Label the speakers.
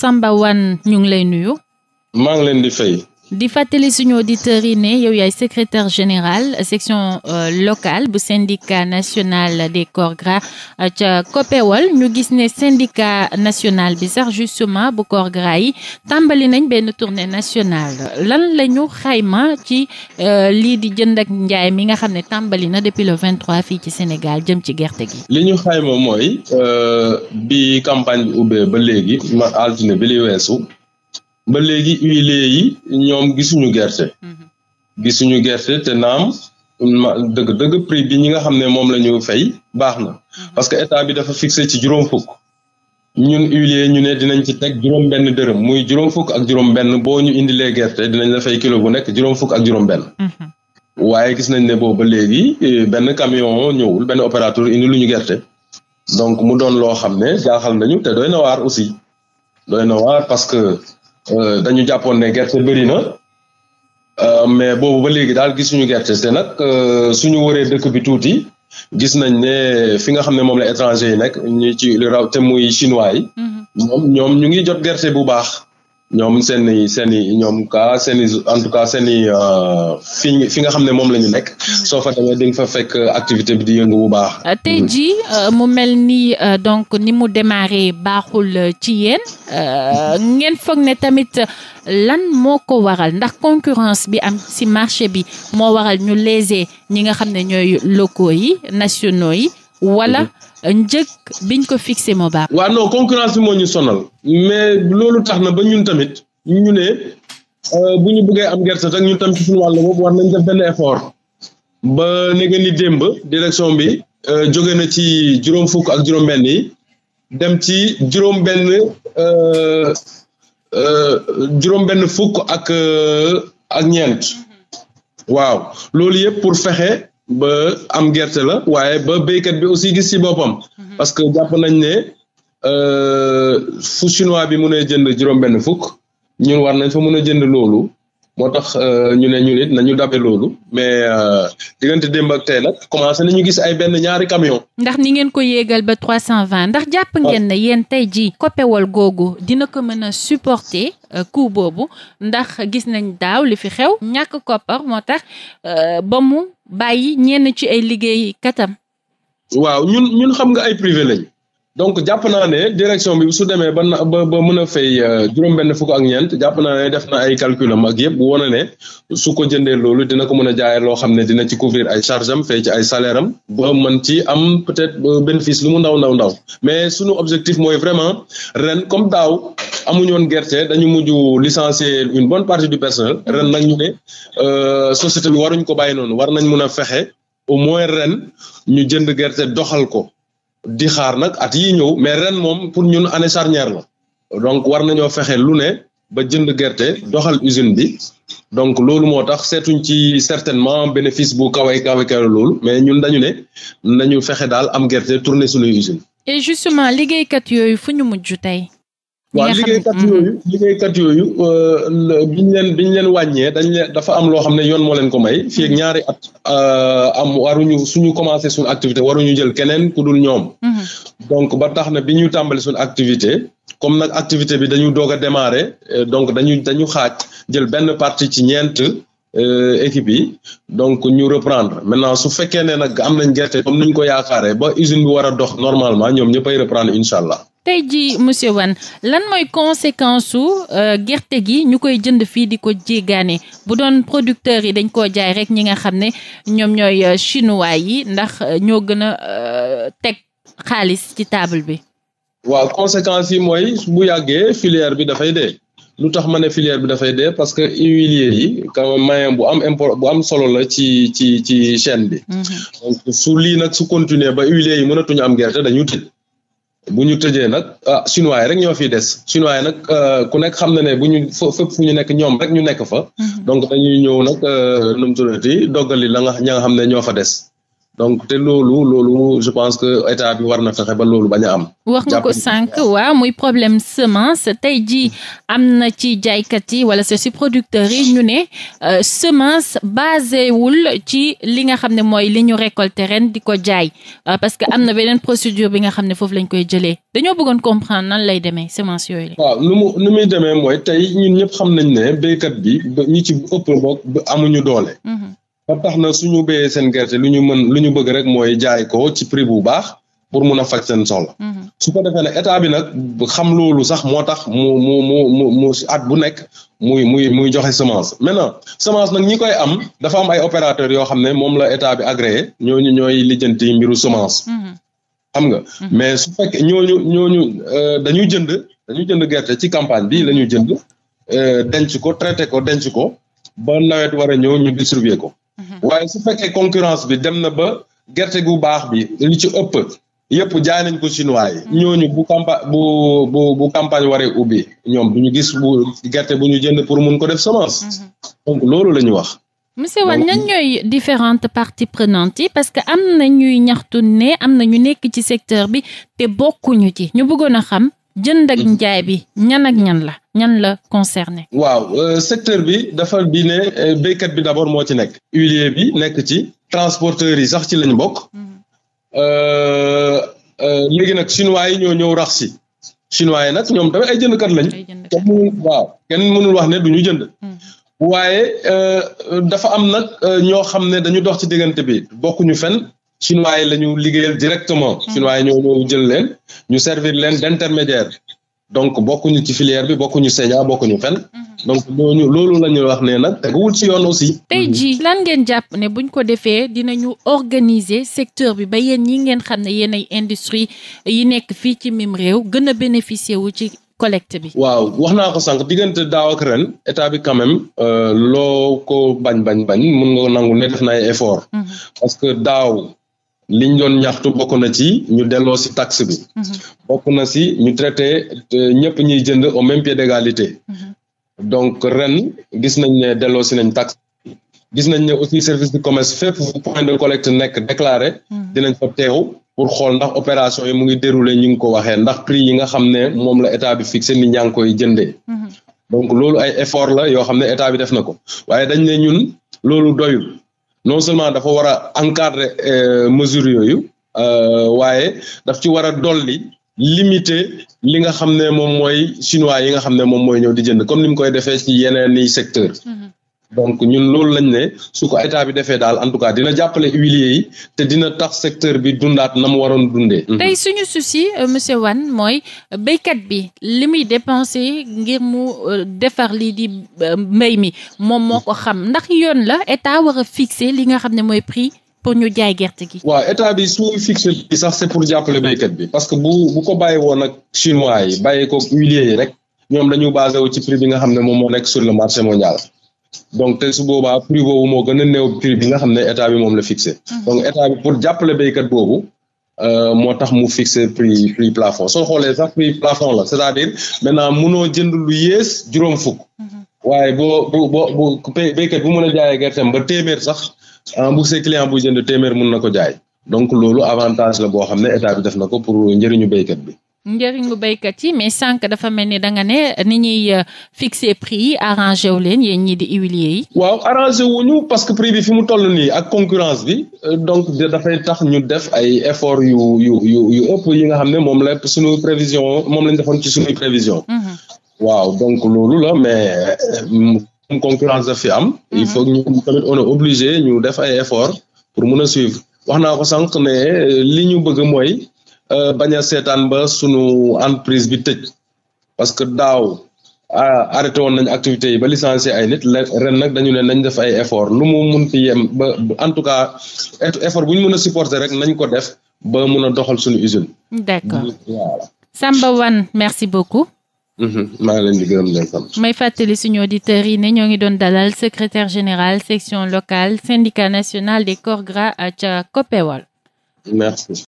Speaker 1: Samba Wane ñu ngi lay nuyu.
Speaker 2: maa ngi leen di fay.
Speaker 1: di fàttali suñu auditeurs yi ne yow yaay secretaire général section euh, locale bu syndicat national des corps gras euh, ca COPEOL ñu gis ne syndicat national bi sax justement bu corps yi tàmbali nañ benn tournée national lan lañu xayma ci euh, lii di jënd ak njaay mi nga xam ne tàmbali na depuis le fii ci Sénégal jëm ci gerte gi.
Speaker 2: li ñu xayma mooy bi campagne bi ubbee ba léegi ma altine bi li weesu. ba léegi huiliers yi ñoom gisuñu gerte. Mhm. gisuñu gerte te naam dëgg-dëgg prix bi ñi nga xam ne moom la ñu fay baax na mhm. parce que état bi dafa fixé ci juróom fukk ñun huiliers ñu ne dinañ ci teg juróom benn dërëm muy juróom fukk ak juróom benn boo ñu indilee gerte dinañ la fay kilo bu nekk juróom fukk ak juróom benn. Mhm. waaye gis nañ ne boo ba léegi eh, benn camion ñëwul benn opérateur indi lu ñu gerte donc mu doon loo xam ne jaaxal nañu te doy na aussi doy na que. Euh, dañu jàppoon ne gerte bëri na euh, mais boobu ba léegi daal gisuñu gerte te nag euh, suñu waree dëkk bi tuuti gis nañ ne fi nga xam ne moom la étranger yi nekk ñu ci lu raw te muy chinois yi. Mm-hmm. ñoom ñoom ñu ngi jot gerte bu baax. ñoom seen i seen i ñoom ka seen en tout cas seen i euh, fi nga xam ne moom la ñu nekk mhm. soo fa demee di fa fekk activité bi di yëngu bu baax.
Speaker 1: Euh, tey mhm. jii euh, mu mel ni donc ni mu démarré baaxul ci yéen ngeen foog ne tamit lan moo ko waral ndax concurrence bi am si marché bi moo waral ñu léser ñi nga xam ne ñooy locaux yi nationaux yi. wala mhm. njëg biñ ko fixé moo baax. waaw non
Speaker 2: concurrence moo ñu sonal. mais loolu tax na ba ñun tamit ñu ne euh, bu ñu bëggee am gerte rek ñun tam ci suñu wàll boobu war nañ def benn effort. ba nege ni démb direction bi euh, jóge na ci juróom fukk ak juróom-benn dem ci juróom-benn juróom euh, fukk ak ak ñeent. Mhm. waaw loolu yëpp pour fexe. ba am gerte la waaye ba béykat bi aussi gis ci boppam mhm. parce que jàpp nañ ne euh, fu chinois bi mun a jënd juróom benn fukk ñun war nañ fa mun a jënd loolu moo tax euh, ñu ne ñu nit nañu dabe loolu mais euh, diggante démb ak tey nag commencé nañu gis ay benn ñaari camion
Speaker 1: ndax ni ngeen ko yéegal ba trois cent vingt ndax jàpp ngeen ne yen tey ji koppewal googu dina ko mën a supporter euh, coût boobu ndax gis nañ daaw li fi xew ñàkk koppar moo tax ba mu bàyyi ñenn ci ay liggéey katam
Speaker 2: waaw ñun ñun xam nga ay privé lañ donc jàpp naa ne direction bi su demee ba na ba ba mën a fay euh, juróom-benn fukk ak ñeent jàpp naa ne def na ay calcul am ak yëpp woon ne su ko jëndee loolu dina ko mën a jaayee loo xam ne dina ci couvrir ay charge am fay ci ay salaire am ba mën ci am peut-être euh, bénéfice lu mu ndaw ndaw ndaw mais sunu objectif mooy vraiment ren comme daaw amuñu woon gerte dañu mujj licencier une bonne partie du personnel ren nag ñu ne euh, société bi waruñ ko bàyyi noonu war nañ mën a fexe au moins ren ñu jënd gerte doxal ko. di xaar nag at yii ñëw mais ren moom pour ñun année charnière la donc war nañoo fexe lu ne ba jënd gerte doxal usine bi donc loolu moo tax seetuñ ci certainement bénéfice bu kaway kaway kawe loolu mais ñun dañu ne nañu fexe daal am gerte tourner suñuy usine
Speaker 1: et justement liggéeykat yooyu fu ñu mujj tey. waaw kat
Speaker 2: yooyu mm-hmm. kat yooyu euh, biñ leen biñ leen wàññee dañ leen dafa am loo xam ne yoon moo leen ko may mm-hmm. fii ñaari at euh, am waruñu suñu commencé suñu activité waruñu jël keneen ku dul ñoom mm-hmm. donc ba tax na bi ñu tàmbali suñu activité comme nag activité bi dañu doog a démarrer euh, donc dañu dañu xaaj jël benn partie ci ñeent équipe yi donc ñu reprendre maintenant su fekkee ne nag am nañ gerte comme ni ñu ko yaakaaree ba usine bi war a dox normalement ñoom ñëppay reprendre incha allah
Speaker 1: tey jii monsieur Wane lan mooy conséquence su euh, gerte gi ñu koy jënd fii di ko jéggaane bu doon producteurs yi dañ koo jaay rek ñi nga xam ne ñoom ñooy euh, chinois yi ndax euh, ñoo gën a teg xaalis ci table bi.
Speaker 2: waaw conséquence yi mooy bu yàggee filière bi dafay dee. lu tax ma ne filière bi dafay dee parce que huiliers yi quand même bu am import bu am solo la ci ci ci chaîne bi. Mhm. donc su lii nag su continuer ba huiliers yi mënatuñu am gerte dañu tëj. bu ñu tëjee nag ah chinois yi rek ñoo fi des chinois yi nag euh, ku nekk xam na ne bu ñu fépp ñu nekk ñoom rek ñu nekk fa. Mm-hmm. donc dañuy ñëw nag euh, nu mu tuddati doggali la nga ña nga xam ne ñoo fa des. donc te loolu loolu je pense que état bi war na fexe ba loolu bañ am.
Speaker 1: wax nga ko sànq waaw muy problème semence tey jii am na ci jaaykat yi wala c'est si producteurs yi ñu ne euh, semence basé wul ci li nga xam ne mooy li ñu récolté ren di ko jaay euh, parce que am na beneen procédure bi nga xam ne foofu lañ koy jëlee dañoo bëggoon comprendre nan lay demee semence yooyu.
Speaker 2: waaw nu mu muy demee mooy tey ñun ñëpp xam nañ ne béykat bi ñi ci ëpp bokk amuñu doole. Mhm. ba tax na suñu béyee seen gerte lu ñu mën lu ñu bëgg rek mooy jaay ko ci prix bu baax pour mun a faj seen soxla. Mhm. su ko defee ne état bi nag xam loolu sax moo tax mu mu mu mu mu at bu nekk muy muy muy joxe semence maintenant semence nag ñi koy am dafa am ay opérateurs yoo xam ne moom la état bi agréé ñooñu ñooy lijjanti mbiru semence. Mhm. xam nga mhm. mais su fekkee ñooñu ñooñu euh, dañuy jënd dañuy jënd gerte ci campagne bi la ñuy jënd euh, denc ko traité ko denc ko ba nawet war a ñëw ñu distribuer ko. waaye su fekkee concurrence bi dem na ba gerte gu baax bi lu ci ëpp yëpp jaay nañ ko chinois yi ñooñu bu campa bu bu bu campagne waree ubbi ñoom du ñu gis bu gerte bu ñu jënd pour mun ko def semence mhm. donc loolu la ñu wax
Speaker 1: monsieur Wane ñan ñooy différentes parties prenantes yi parce que am na ñuy ñaxtu ne am na ñu nekk ci secteur bi te bokkuñu ci ñu bëggoon a xam jënd ak mhm. njaay bi ñan ak ñan la ñan la concerné.
Speaker 2: waaw euh, secteur bi dafa di ne euh, béykat bi d'abord moo ci nekk. huilier bi nekk ci. transporteurs yi sax ci lañu bokk. Mhm. Euh, léegi nag chinois yi ñoo ñëw rax si. chinois yi nag ñoom tamit ay jëndkat lañ. kenn mënul waaw kenn mënul wax ne du ñu jënd. Mhm. waaye dafa am nag ñoo xam ne dañu dox ci diggante bi bokkuñu fen chinois yi la ñu liggéeyal directement. Mhm. chinois yi ñoo ñëw jël leen ñu servir leen d'intermédiaire donc bokkuñu ci filière bi bokkuñu CEDIA bokkuñu fenn. Mhm. donc ñooñu loolu la ñuy wax ne nag teguwul ci yoon aussi.
Speaker 1: tey mhm. jii lan ngeen jàpp ne buñ ko defee dinañu organiser secteur bi ba yéen ñi ngeen xam ne yéen ay industrie yi nekk fii ci mim réew gën a bénéficier wu ci collecte bi. waaw
Speaker 2: wax naa ko sànq diggante daaw ak ren état bi quand même euh, loo ko bañ bañ bañ mun nga nangu ne def na ay effort. Mhm. parce que daaw. liñ doon ñaxtu bokk na ci ñu delloo si taxe bi. Mhm. bokk na si ñu traité ñëpp ñuy jënd au même de d'égalité. Mhm. donc ren gis nañ ne delloo si nañ taxe gis nañ ne aussi service du commerce fépp point de collecte nekk déclaré. Mhm. dinañ fa teew pour xool ndax opération yi mu ngi déroulé ñu ngi ko waxee ndax prix yi nga xam ne moom la état bi fixé ni ñaa ngi koy jëndee. donc loolu ay effort la yoo xam ne état bi def na ko waaye dañ ne ñun loolu doyul. non seulement dafa war a encadrer euh, mesures yooyu euh, waaye daf ci war a dolli limiter li nga xam ne moom mooy chinois yi nga xam ne moom mooy ñëw di comme ni mu koy defee ci yeneen i secteur mm-hmm. donc ñun loolu lañ ne su ko état bi defee daal en tout cas dina jàppale huiliers yi te dina tax secteur bi dundaat na mu waroon dundee. tey mhm.
Speaker 1: suñu souci euh, monsieur Wane mooy béykat bi li muy dépensé ngir mu euh, defar lii di euh, mbéy mi moom moo ko xam ndax yoon la état war a li nga xam ne mooy prix. pour ñu jaay gerte gi.
Speaker 2: waaw état bi su fixé sax pour jàppale béykat bi. parce que bu bu ko bàyyi woon ak chinois yi bàyyi ko huiliers yi rek ñoom dañu basé wu ci prix bi nga xam ne moom moo nekk sur le marché mondial. donc te su boobaa prix boobu moo gën a néew prix bi nga xam ne état bi moom la fixé. Mhm. donc état bi pour jàppale béykat boobu euh, moo tax mu fixé prix prix plafond soo xoolee sax prix plafond la c'est-à-dire maintenant mënoo jënd lu yées juróom fukk. Mhm. waaye boo bu boo bu béykat bu mën a jaayee gerteem ba téeméer sax ah, bu see client bu jënd téeméer mun na ko jaay donc loolu avantage la boo xam ne état bi def na ko pour njëriñu baykat bi.
Speaker 1: njëriñu béykat yi mais sànq dafa mel ni da nga ne ni ñuy euh, fixe prix yi arrangé wu leen yéen ñii di huiliers yi.
Speaker 2: waaw arrangé wuñu parce que prix bi fi mu toll nii ak concurrence bi euh, donc dafay tax ñu def ay effort yu yu yu yu ëpp yi nga xam ne moom la suñu prévision moom lañ defoon ci suñuy prévision. Mhm. waaw donc loolu la mais euh, comme fi am. il faut ñu ñu def ay effort pour mun a suivre wax naa ko sànq ne li ñu bëgg mooy. Euh, bañ a seetaan ba suñu entreprise bi tëj parce que daaw arrêté woon nañ activités yi ba licencié ay nit ren nag dañu leen nañ def ay effort lu mu mun fi yem ba en tout cas effort bu ñu mën a supporté rek nañ ko def ba mun a doxal suñu usine. d'accord voilà.
Speaker 1: Samba Wane merci beaucoup.
Speaker 2: Mm-hmm. maa ngi leen di gërëm leen sant.
Speaker 1: may fàttali suñu auditeurs yi ne ñoo ngi doon dalal secretaire général section locale syndicat national des corps gras ca COPEOL.